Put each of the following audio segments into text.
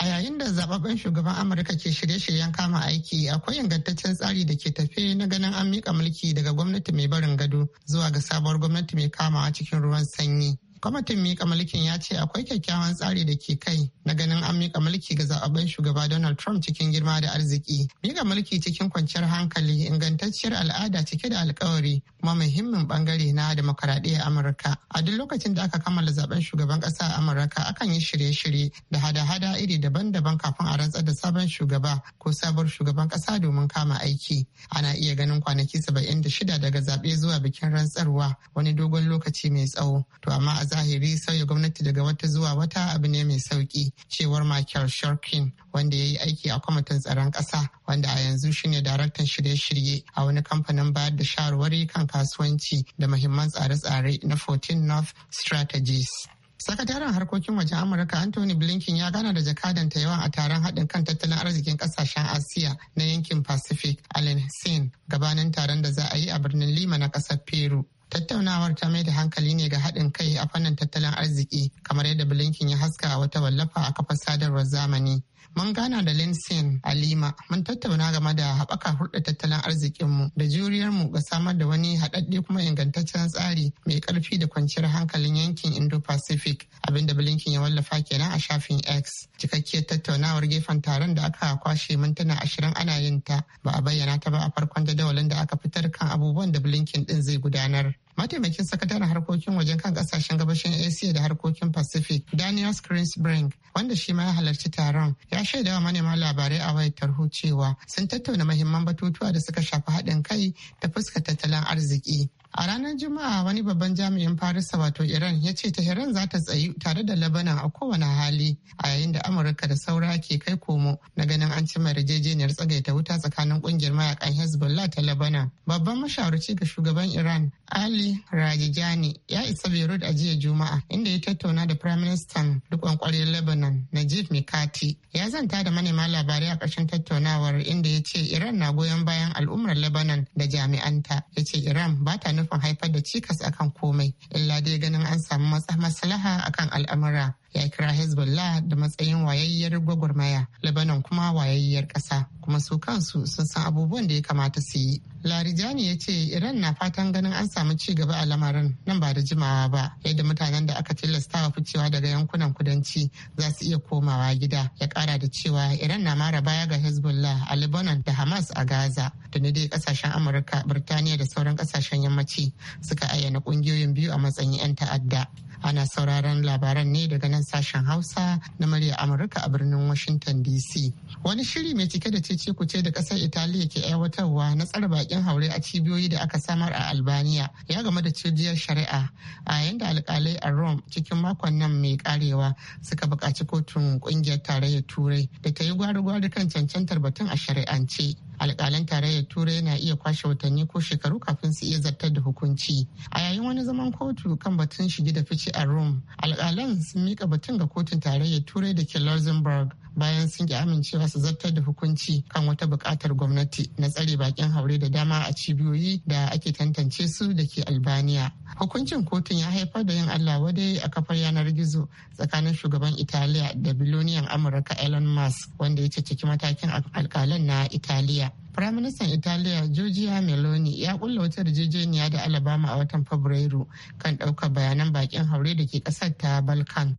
A yayin da zababben shugaban Amurka ke shirye-shiryen kama aiki akwai ingantaccen tsari da ke tafe na ganin an miƙa mulki daga gwamnati mai barin gado zuwa ga sabuwar gwamnati mai kamawa cikin ruwan sanyi. Kwamitin miƙa mulkin ya ce akwai kyakkyawan tsari da ke kai na ganin an mika mulki ga zaɓen shugaba Donald Trump cikin girma da arziki. Mika mulki cikin kwanciyar hankali ingantacciyar al'ada cike da alkawari kuma muhimmin bangare na demokaradiyyar Amurka. A duk lokacin da aka kammala zaɓen shugaban ƙasa a Amurka akan yi shirye-shirye da hada-hada iri daban-daban kafin a rantsar da sabon shugaba ko sabon shugaban ƙasa domin kama aiki. Ana iya ganin kwanaki saba'in da shida daga zaɓe zuwa bikin rantsarwa wani dogon lokaci mai tsawo. To amma a zahiri sauya gwamnati daga wata zuwa wata abu ne mai sauki. cewar Michael Shorkin wanda ya yi aiki a kwamitin tsaron ƙasa wanda a yanzu shine daraktan shirye-shirye a wani kamfanin bayar da shawarwari kan kasuwanci da mahimman tsare-tsare na 14 North Strategies. Sakataren harkokin wajen Amurka Anthony Blinken ya gana da jakadan yawan a taron haɗin kan tattalin arzikin ƙasashen Asiya na yankin Pacific, Allen Sin, gabanin taron da za a yi a birnin Lima na ƙasar Peru. Tattaunawar ta mai da hankali ne ga haɗin kai a fannin tattalin arziki kamar yadda bilinkin ya haska a wata wallafa a kafar sadarwar zamani. mun gana da Linsin Alima mun tattauna game da haɓaka hulɗar tattalin arzikinmu da juriyarmu ga samar da wani haɗaɗɗe kuma ingantaccen tsari mai ƙarfi da kwanciyar hankalin yankin Indo-Pacific abinda Blinken ya wallafa kenan a shafin X. Cikakkiyar tattaunawar gefen taron da aka kwashe mintuna ashirin ana yin ta ba a bayyana ta ba a farkon jadawalin da aka fitar kan abubuwan da Blinken ɗin zai gudanar. mataimakin sakataren harkokin wajen kan kasashen gabashin asia da harkokin pacific daniel Grinsbrink, wanda shi ma ya halarci taron ya shaida wa manema labarai a wayar tarho cewa sun tattauna mahimman batutuwa da suka shafi haɗin kai da fuskar tattalin arziki A ranar Juma'a wani babban jami'in Farisa wato Iran ya ce Tehran za ta tsayi tare da Lebanon a kowane hali a yayin da Amurka da saura ke kai komo na ganin an cimma yarjejeniyar tsagaita wuta tsakanin kungiyar mayakan Hezbollah ta Lebanon. Babban mashawarci ga shugaban Iran Ali Rajijani ya isa Beirut a jiya Juma'a inda ya tattauna da Prime Minister duk kwarin Lebanon Najib Mikati. Ya zanta da manema labarai a ƙarshen tattaunawar inda ya ce Iran na goyon bayan al'ummar Lebanon da jami'anta. Ya ce Iran ba ta nufin haifar da cikas akan komai illa dai ganin an samu maslaha akan al'amura ya kira hezbollah da matsayin wayayyar gwagwarmaya labanan kuma wayayyar ƙasa kuma su kansu sun san abubuwan da ya kamata su yi larijani ya ce iran na fatan ganin an samu ci gaba a lamarin nan ba da jimawa ba yadda mutanen da aka tilasta wa ficewa daga yankunan kudanci za su iya komawa gida ya kara da cewa iran na mara baya ga hezbollah a lebanon da hamas a gaza da na dai kasashen amurka birtaniya da sauran kasashen yammaci suka ayyana kungiyoyin biyu a matsayin 'yan ta'adda ana sauraron labaran ne daga nan sashen Hausa na murya Amurka a birnin Washington DC. Wani shiri mai cike da cece kuce da ƙasar Italiya ke aiwatarwa na tsare bakin haure a cibiyoyi da aka samar a Albania ya game da cibiyar shari'a a yayin da alkalai a Rome cikin makon nan mai karewa suka buƙaci kotun ƙungiyar tarayyar Turai da ta yi gwari-gwari kan cancantar batun a shari'ance. alkalan tarayyar turai na iya kwashe watanni ko shekaru kafin su iya zartar da hukunci a yayin wani zaman kotu kan batun shige da fice a rome alkalan sun miƙa batun ga kotun tarayyar turai da ke luxembourg bayan sun ki amincewa su zartar da hukunci kan wata buƙatar gwamnati na tsare bakin haure da dama a cibiyoyi da ake tantance su da ke albaniya hukuncin kotun ya haifar da yin allah wadai a kafar yanar gizo tsakanin shugaban italiya da biloniyan amurka elon musk wanda ya ceceki matakin alkalan na italiya Firaministan Italiya Giorgia Meloni ya kulla wata yarjejeniya da Alabama a watan Fabrairu kan ɗaukar bayanan bakin haure da ke ƙasar ta Balkan.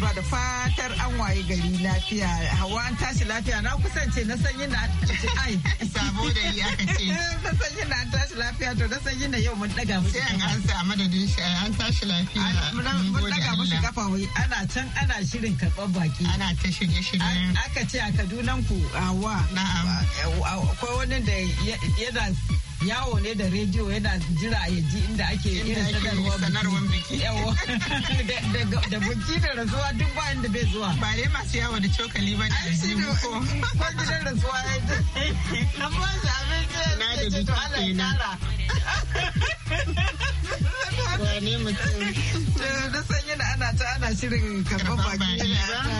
ba da fatar an waye gari lafiya hawa an tashi lafiya na kusance na sanyi na ai sabo da yi aka ce na sanyi na an tashi lafiya to na sanyi na yau mun daga mu sai an ansa madadin shi eh, an tashi lafiya mun daga mu kafa wai ana can ana shirin karban baki ana ta shirye shirye aka ce a Kaduna ku hawa na'am ko wani da yana yawo ne da rediyo yana jira ya ji inda ake irin sanarwar biki da buki da rasuwa duk ba da bai zuwa ba ne masu yawo da cokali ba ne. jimu ko ko gidan rasuwa ya ji an ba su abinci na da biki wane mutum da sanyi da ana ta ana shirin karɓar baki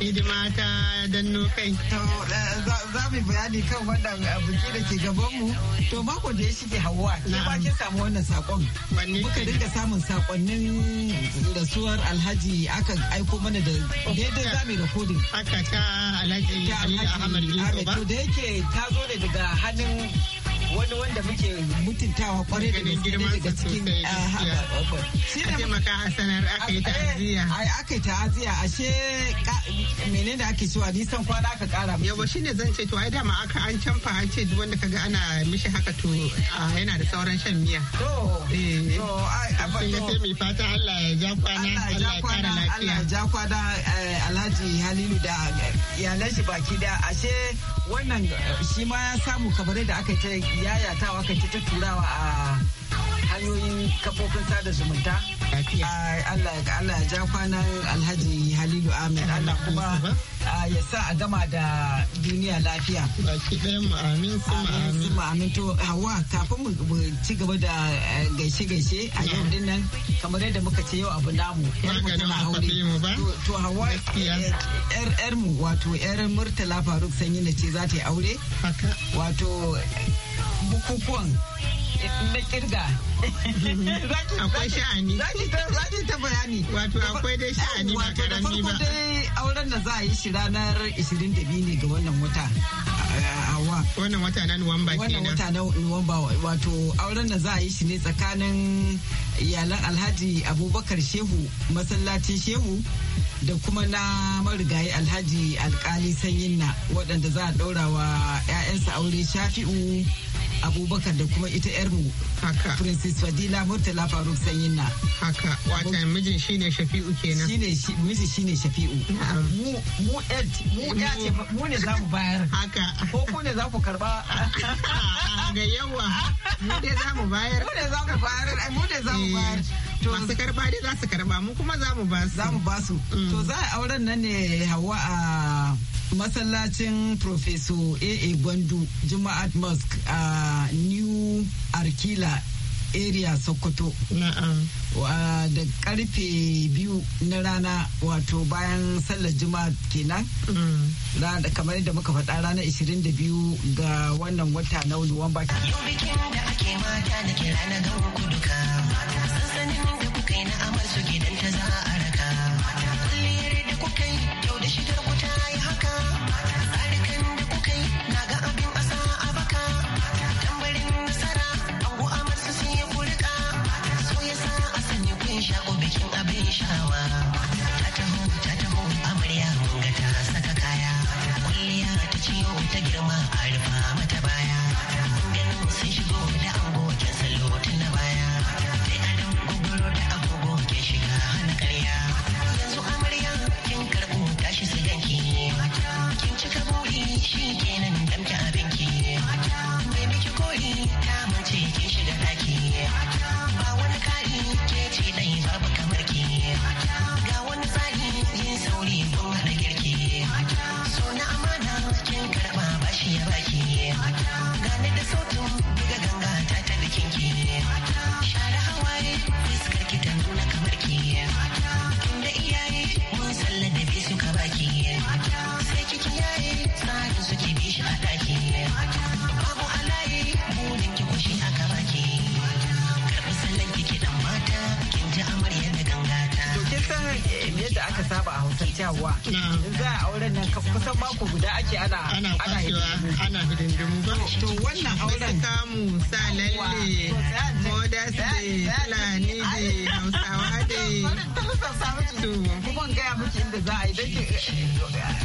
hidima ta danno kai. To za mu bayani kan wannan eh, biki da ke gabanmu. To mako da ya shige hawa ke ba ki samu wannan sakon. Muka dinga samun sakonnin rasuwar Alhaji aka aiko mana da daidai za mu recording. Haka ta Alhaji Ahmad Yusuf ba. To da yake ta zo ne daga hannun wani wanda muke mutuntawa kwarai da gaske daga cikin ah, shi ne maka hasanar aka yi eh, ta'aziyya aka yi ta'aziyya ashe menene da ake cewa nisan kwana aka kara mu yawa shine zan ce to ai dama aka an canfa an ce wanda kaga ana mishi haka to yana da sauran shan miya to eh sai mai fata Allah ya ja kwana Allah ya kara lafiya Allah ya ja kwana eh, Alhaji Halilu da eh, iyalan shi baki da ashe wannan shi ma ya samu kabare da aka ta yayatawa kai ta turawa a hanyoyin kafofin sada zumunta lafiya. Allah ya ja kwanan Alhaji Halilu Ahmed Allah kuma ya sa a gama da duniya lafiya. Baki ɗaya ma'amin to hawa kafin mu ci gaba da gaishe-gaishe eh, a yau din nan kamar yadda muka ce yau abu namu. To hawa eh, yar mu wato yar Murtala Faruk Sanyi na ce za ta yi aure. Wato bukukuwan na kirga. Akwai sha'ani. Zaki ta bayani. Wato akwai dai sha'ani ba karami ba. Wato da farko dai auren da za a yi shi ranar 22 ne ga wannan wata. Awa. Wannan wata na Nuwamba kenan. Wannan wata na Nuwamba wato auren da za a yi shi ne tsakanin iyalan Alhaji Abubakar Shehu masallacin Shehu da kuma na marigayi Alhaji Alkali Sanyinna waɗanda za a ɗaura wa 'ya'yansa aure Shafi'u abubakar da kuma ita yarmu haka princess fadila murtala faruk sanyin na haka wata mijin shine shafi'u kenan shine shi shine shafi'u mu mu ed mu ya ce mu ne za mu bayar haka ko ku ne za ku karba ga yawa mu ne za mu bayar mu ne za mu bayar mu ne za mu eh, bayar to masu karba dai za su karba mu kuma za mu ba su za mu ba su mm. to za a auren nan ne hawa a masallacin profeso aa gwandu juma'at mosque a new arkila area sokoto da karfe biyu na rana wato bayan sallar juma'a kenan mm. kamar yadda muka faɗa rana 22 ga wannan wata na nuwamba yau bikin da kira na yi Wow. ake za a auren nan kusan mako guda ake ana ana kwashewa ana hidindimu ba to wannan auren kamu sa lalle modas de fulani de hausawa de to kuma gaya miki inda za a yi dake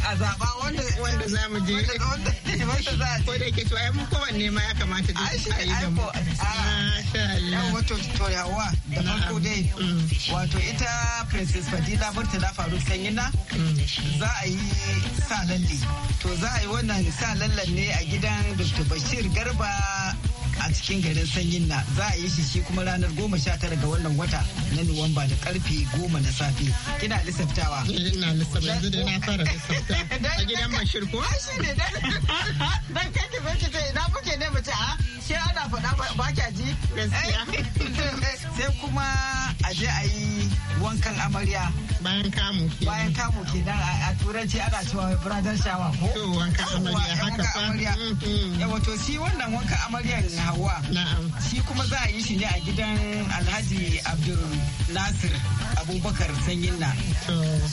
a zaba wanda wanda za mu je ko da ke to ai mu kowanne ma ya kamata da a yi da mu masha Allah wato to yawa da farko dai mm. wato ita princess Fadila Murtala Faruk Sanyina mm. za a yi sa lalle to za a yi wannan sa lallan ne a gidan dr bashir garba a cikin garin sanyin na za a yi shi shi kuma ranar goma sha tara ga wannan wata na nuwamba da karfe goma na safe kina lissaftawa ina lissafta yanzu da na fara lissafta a gidan bashir ko shi ne dan kai ki bace ina kuke ne mace a ah, she ana faɗa ba kya ji sai kuma a je a yi wankan amarya bayan kamu ke bayan kamu ke dan a turanci ana cewa brother shawa ko to wankan amarya haka fa eh mm, mm. wato shi wannan wankan amarya hawa shi kuma za a yi shi ne a gidan Alhaji Abdul Nasir Abubakar Sanyina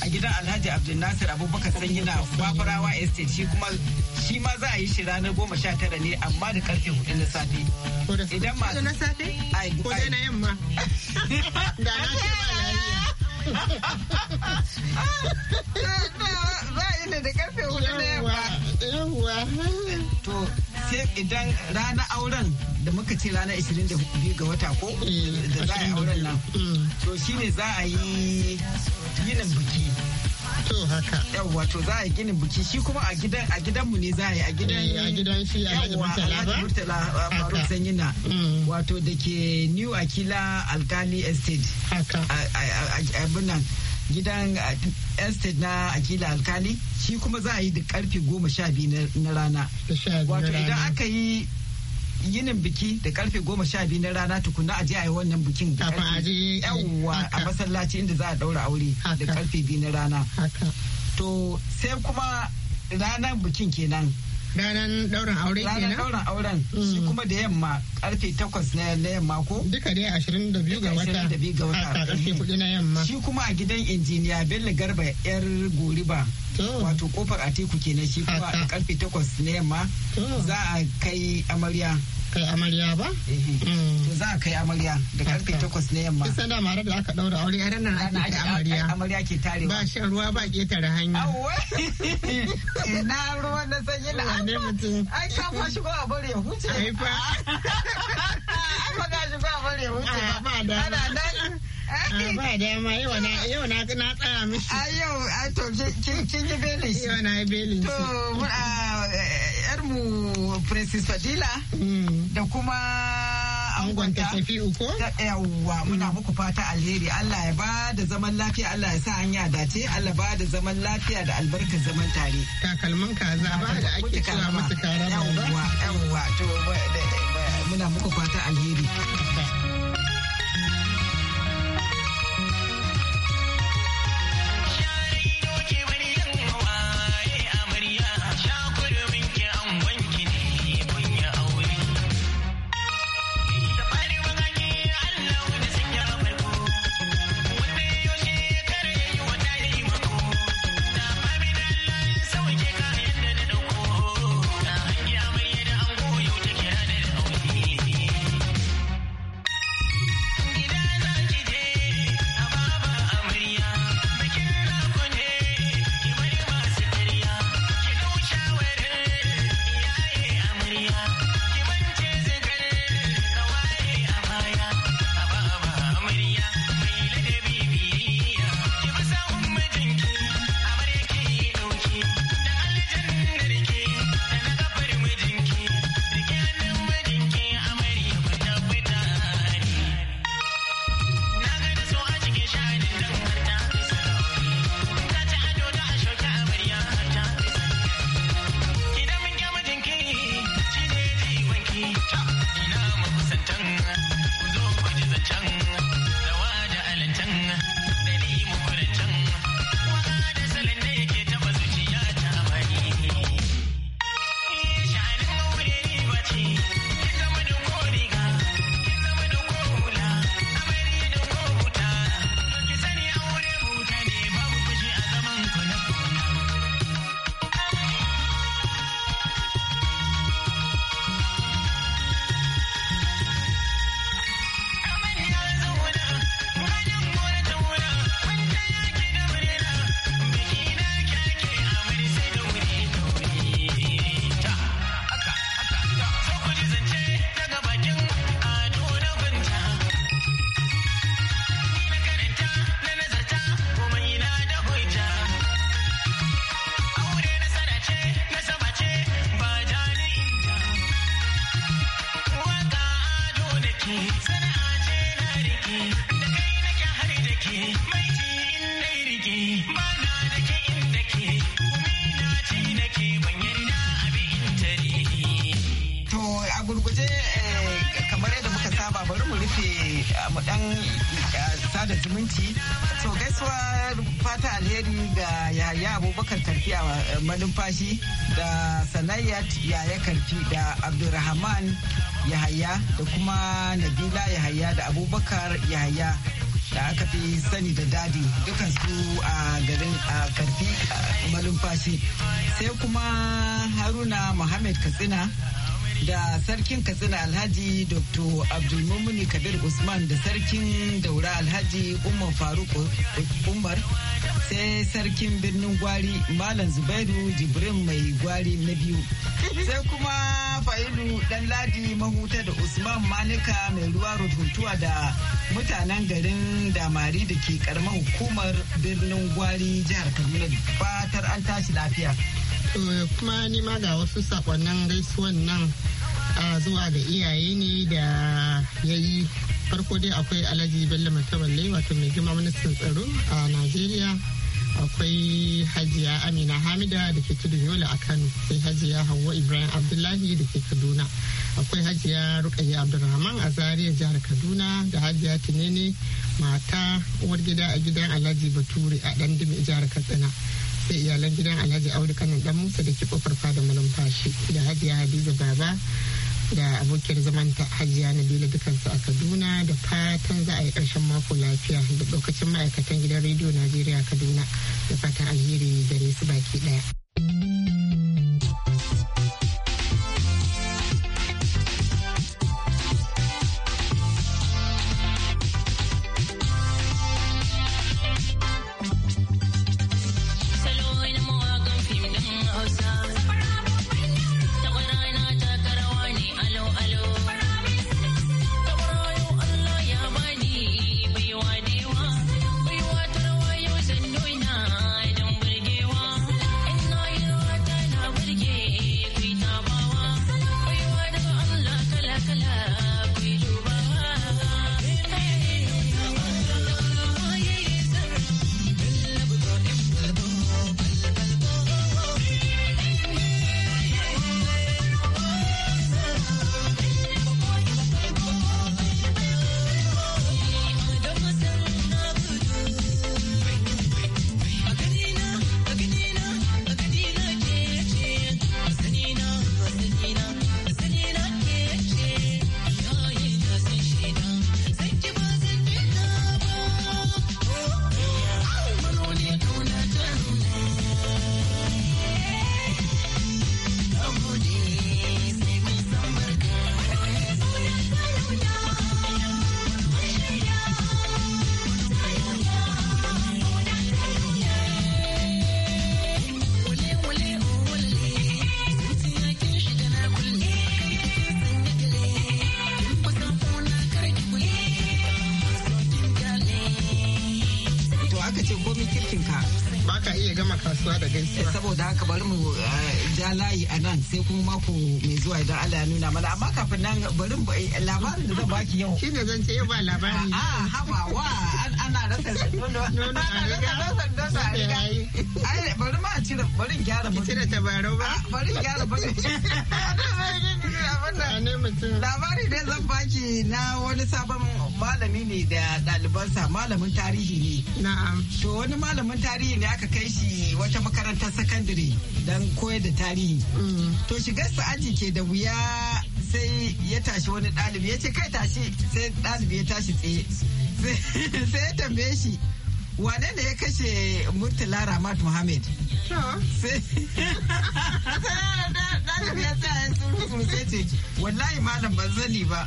a gidan Alhaji Abdul Nasir Abubakar Sanyina Baburawa Estate shi kuma shi ma za a yi shi ranar goma sha tara ne amma da karfe hudu na safe. Idan ma. Na safe? Ai. Ko na yamma. Da na ce ba lafiya. Za a da karfe hudu na yamma. Yawwa. To sai idan rana auren da muka ce ranar 22 ga wata ko eh, da za a yi auren nan. To shine za a yi yinin biki. to haka yawwa to za a yi ginin shi kuma a gidan a gidan mu ne za a yi a gidan eh, a gidan shi a Alhaji Murtala eh, Faruk Sanyina mm. wato da ke New Akila Alkali Estate haka a binan gidan estate na akila alkali shi kuma za a yi da karfe goma sha biyu na rana wato idan aka yi yinin biki da karfe goma sha biyu na rana tukuna a jiya a yi wannan bikin da karfe yawwa a masallaci inda za a daura aure da karfe biyu na rana to sai kuma ranar bikin kenan ranar daurin aure kenan ranar daurin auren shi mm. kuma da yamma karfe takwas na yamma ko duka dai ashirin da biyu ga wata ashirin da biyu ga wata karfe kuɗi na yamma shi kuma a gidan injiniya bello garba yar goriba wato kofar ke na shi kuma a karfe takwas na yamma za a kai amarya kai amarya ba? Hmm. To za a kai amarya da karfe takwas na yamma. Kisa da mara da aka daura aure a ranar ake kai amarya. Amarya ke tare Ba shan ruwa ba ketare hanya. Awwa. Na ruwa na sanyi na ne mutum. Ai ka fa shi ko a bare huce. Ai fa. Ai fa ga shi ko a bare huce. Ba ba da. Ah, ba dama yau na yau na na tsaya mishi. A ah, yau a ah, to kin yi belin shi. Yau na yi belin To yar mu Princess Fadila mm. da kuma angon ta tafi uku. Yawwa muna mm. muku fata alheri Allah ya ba da zaman lafiya Allah ya sa hanya dace Allah ba da zaman lafiya da albarkar zaman tare. Takalman kaza ba da ake kira masu kara ba. Yawwa yawwa to muna muku fata alheri. manumfashi da sanayyat yaya karfi da abdulrahman yahaya da kuma nabila yahaya da abubakar yahaya da aka fi sani da dadi dukkan su a garin a karfi malumfashi sai kuma haruna muhammad katsina da sarkin katsina alhaji dr abdulmumuni kabir usman da sarkin daura alhaji umar faruk umar sai sarkin birnin gwari malam zubairu jibrin mai gwari na biyu sai kuma fa'ilu dan ladi mahuta da usman manika mai ruwa rutuntuwa da mutanen garin damari da ke karamar hukumar birnin gwari jihar kaduna fatar an tashi lafiya kuma ni ma ga wasu sakonnin gaisuwan nan zuwa ga iyaye ne da ya yi farko dai akwai alhaji bello mataballe wato mai girma ministan tsaro a najeriya akwai hajiya amina hamida da ke tudu yola a kano sai hajiya hawa ibrahim abdullahi da ke kaduna akwai hajiya rukayya abdulrahman a zaria jihar kaduna da hajiya tinene mata uwar gida a gidan alhaji bature a dandamai jihar katsina da iyalan gidan alhaji audu kanin dan musa da ke kofar fada malumfashi da hajiya hadiza baba da abokiyar zaman ta hajiya na nabila dukansu a kaduna da fatan za a yi karshen mako lafiya da lokacin ma'aikatan gidan rediyo najeriya kaduna da fatan alheri gare su baki ɗaya ba ka iya gama kasuwa da gaisuwa eh, saboda haka bari mu eh, ja layi a nan sai kuma mako mai zuwa idan Allah ya nuna mana amma kafin nan bari mu eh, labarin da zan baki yau da zan ce ba labari a ah, ah, haba wa ana rasa nono ana rasa nono a riga ai bari ma a cire bari ah, gyara bari cire tabarau ba bari gyara bari labari ne zan baki na wani sabon malami ne da ɗalibansa malamin tarihi ne. Na'am. To wani malamin tarihi ne aka kai shi wata makarantar sakandare don koyar da tarihi. Mm. To shigarsa aji ke da wuya sai ya tashi wani ɗalibi ya ce kai tashi sai ɗalibi ya tashi tsaye. Sai ya tambaye shi wane ne ya kashe Murtala Ramat Muhammad? Sai wallahi malam ban zani ba.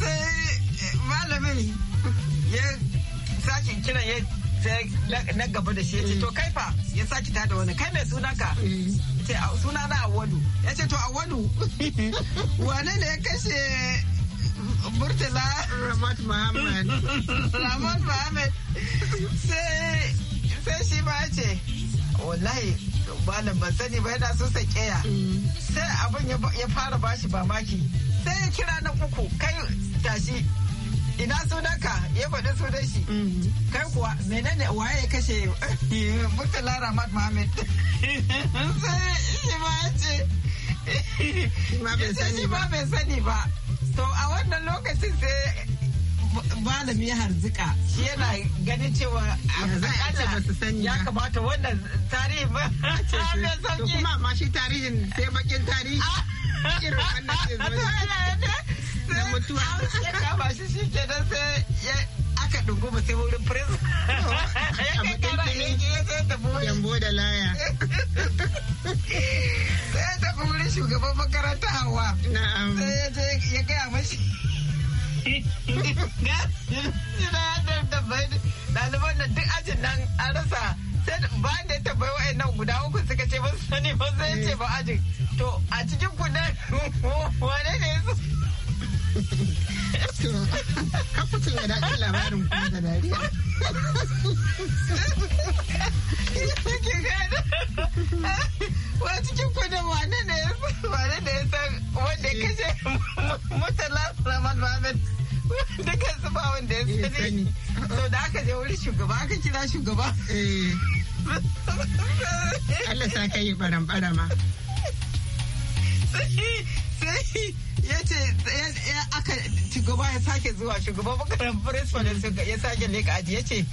Sai malamin ya sake kiran ya na gaba da shi ya ce to kai fa ya sake ta da wani kai mai sunanka ce suna na awadu ya ce to awadu wane ne ya kashe murtala ramat muhammad ramat muhammad sai shi ma ya ce wallahi malam ban sani ba yana so sai sai abin ya fara bashi mamaki sai ya kira na uku kai tashi ina sunanka ya faɗi sunan shi mm. kai kuwa menene waye ya kashe murtala ramad mohammed sai shi ma ya ce shi ma bai sani ba to a wannan lokacin sai malami ya harzika shi yana ganin cewa ya kamata wannan tarihi ba to kuma ma shi tarihin sai bakin tarihi da mutuwa ya kama shi shi ke nan sai ya aka dunguma sai wurin prison ya kai kara ne ya sai tafi yambo da laya sai ya tafi wurin shugaban makaranta hawa sai ya je ya gaya mashi ɗaliban da duk ajin nan an rasa sai bayan da ya tambayi wa'annan guda uku suka ce ba su sani ba sai ce ba ajin to a cikin ku wane ne su To, an fito da daɗin labarin kuma da dariya. Wa cikin kudu wane ne ya wane ne ya san wanda ya kashe Murtala Rahman Mohammed duka su ba wanda ya sani. To da aka je wurin shugaba aka kira shugaba. Allah sa ka yi baran barama. sai ya ce ya aka shugaba ya sake zuwa shugaba bakarar principal ya sake leka aji ya ce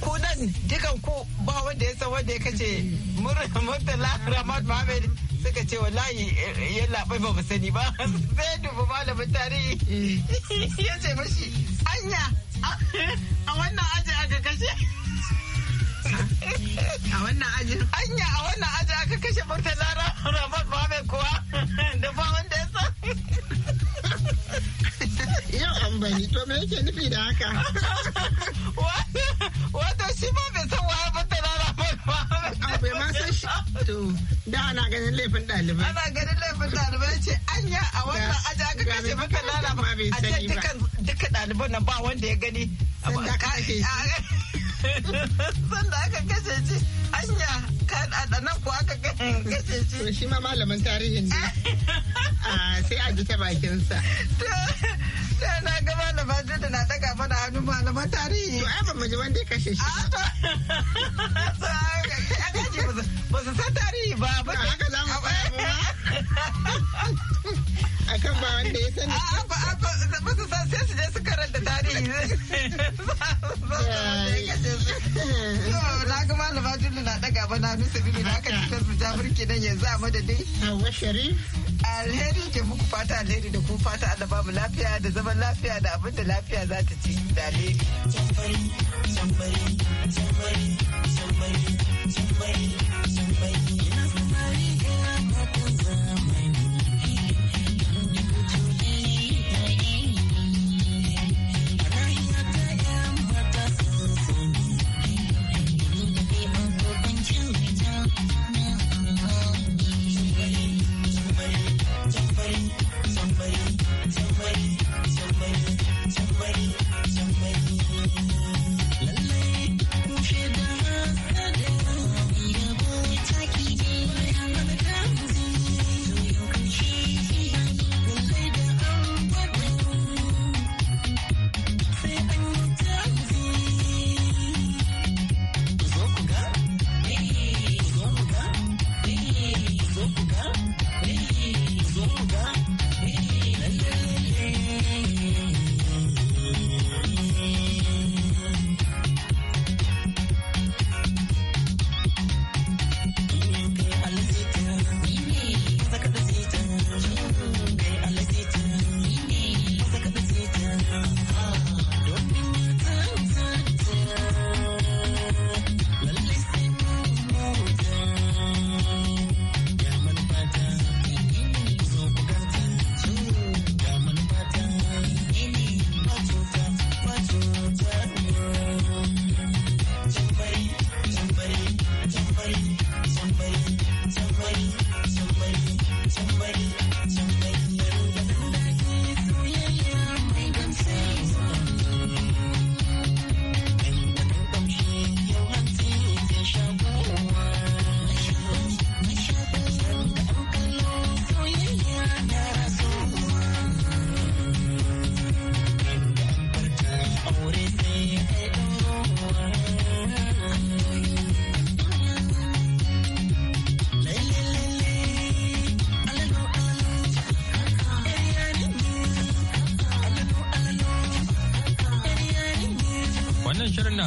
ku nan dukan ku ba wanda ya san wanda ya kace murtala ramad mohamed suka ce wallahi ya labai ba mu sani ba sai dubu malamin tarihi ya ce mashi anya a wannan aji aka kashe a wannan aji anya a wannan aji aka kashe murtala ramad mohamed kuwa da ba Yau an bani to me yake nufi da haka? Wato shi ba bai san waye ba ta rana ba. Ah, ma san shi. To da ana ganin laifin ɗalibai. Ana ganin laifin ɗalibai ce anya a wannan aji aka kashe maka lana ba. A ce duka ɗaliban nan ba wanda ya gani. Sanda aka kashe shi. Sanda aka kashe shi. anya ka nan kuwa ka kashe shi shi ma malamin tarihin ne ah, sai a ji ta bakinsa na ga malama da na daga mana hannu malama tarihi to ai ban mu ji wanda ya kashe shi ba ah, su san tarihi ba ba haka za mu akan ba wanda ya sani ba ba su san sai su je su karanta tarihi na ga malama julu na daga ba na nusa bibi na aka cutar su jabirki nan yanzu a madadin hawa sharif alheri ke muku fata alheri da ku fata Allah ba mu lafiya da zaman lafiya da abin da lafiya za ta ci da alheri